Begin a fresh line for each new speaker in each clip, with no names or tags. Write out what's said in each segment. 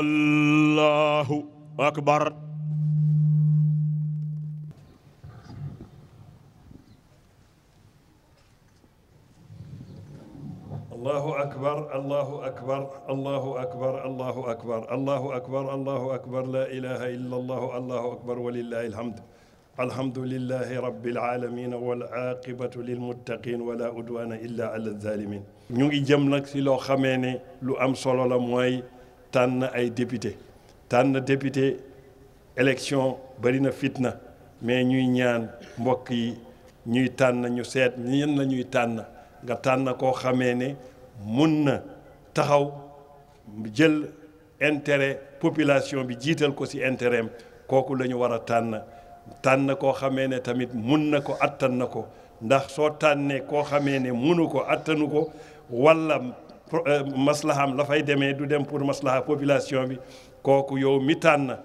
الله أكبر الله أكبر الله أكبر الله أكبر الله أكبر الله أكبر الله أكبر لا إله إلا الله الله أكبر ولله الحمد الحمد لله رب العالمين والعاقبة للمتقين ولا أدوان إلا على الظالمين نيجي جملك jëm nag si loo xamee ne lu am tànn ay député tànn député élection bari na fitna mais ñuy ñaan mbokk yi ñuy tànn ñu seet ñen la tànn nga tànn koo xamee ne mun na taxaw jël intérêt population bi jiital ko ci intérêt kooku lañu ñu war a tànn tànn koo xamee ne tamit mun na ko àttan na ko ndax soo tànnee koo xamee ne munu ko àttanu ko walla Euh, maslaham la fay demee du dem pour maslaha population bi kooku yow mi tànn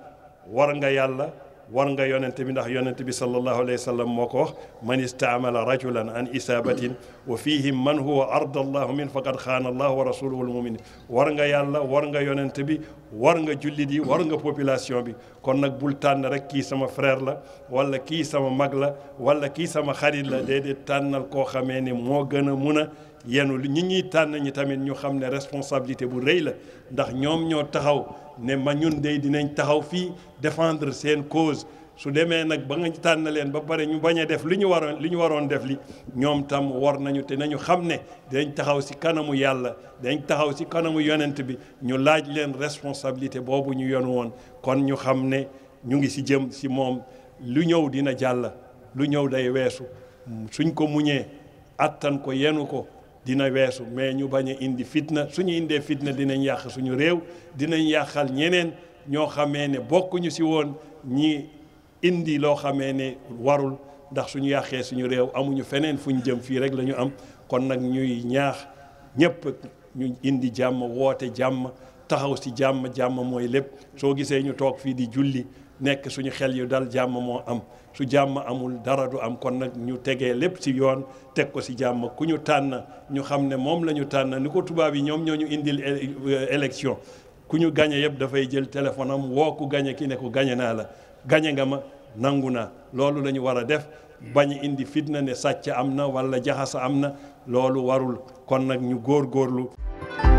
war nga yàlla war nga yonent bi ndax yonent bi sallallahu alayhi wa sallam moo ko wax man istaamala rajulan an isabatin wa fihim man huwa arda allahu min faqad xaana allahu wa rasuluhu almuminin war nga yàlla war nga yonent bi war nga jullit yi war nga population bi kon nag bul tànn rek kii sama frère la wala kii sama mag la wala kii sama xarit la déedéet tànnal koo xamee ni moo gën a mun yenu ñi ñuy tànn ñi tamit ñu xam ne responsabilité bu rëy la ndax ñoom ñoo taxaw ne ma ñun dey dinañ taxaw fii defendre seen cause su demee nag ba nga tànn leen ba pare ñu bañ a def li ñu waroon li ñu waroon def li ñoom tam war nañu te nañu xam ne dañ taxaw si kanamu yàlla dañ taxaw si kanamu yonent bi ñu laaj leen responsabilité boobu ñu yonu woon kon ñu xam ne ñu ngi ci jëm si moom lu ñëw dina jàll lu ñëw day weesu suñ ko muñee àttan ko yenu ko dina weesu mais ñu bañ a indi fitna suñu indee fitna dinañ yàq suñu réew dinañ yàqal ñeneen ñoo xamee ne bokkuñu ci woon ñi indi loo xamee ne warul ndax suñu yàqee suñu réew amuñu feneen fuñ jëm fii rek lañu am kon nag ñuy ñaax ñépp ñu indi jàmm woote jàmm taxaw ci jàmm jàmm mooy lépp soo gisee ñu toog fii di julli nekk suñu xel yu dal jàmm moo am su jàmm amul dara du am kon nag ñu tegee lépp ci yoon teg ko si jàmm ku ñu tànn ñu xam ne moom la ñu tànn ni ko tubaab yi ñoom ñoo ñu indil élection ku ñu gañe yëpp dafay jël téléphone am woo ku gañe ki ne ku gañe naa la gañe nga ma nangu naa loolu la ñu war a def bañ indi fitna ne sàcc am na walla jaxasa am na loolu warul kon nag ñu góor góorlu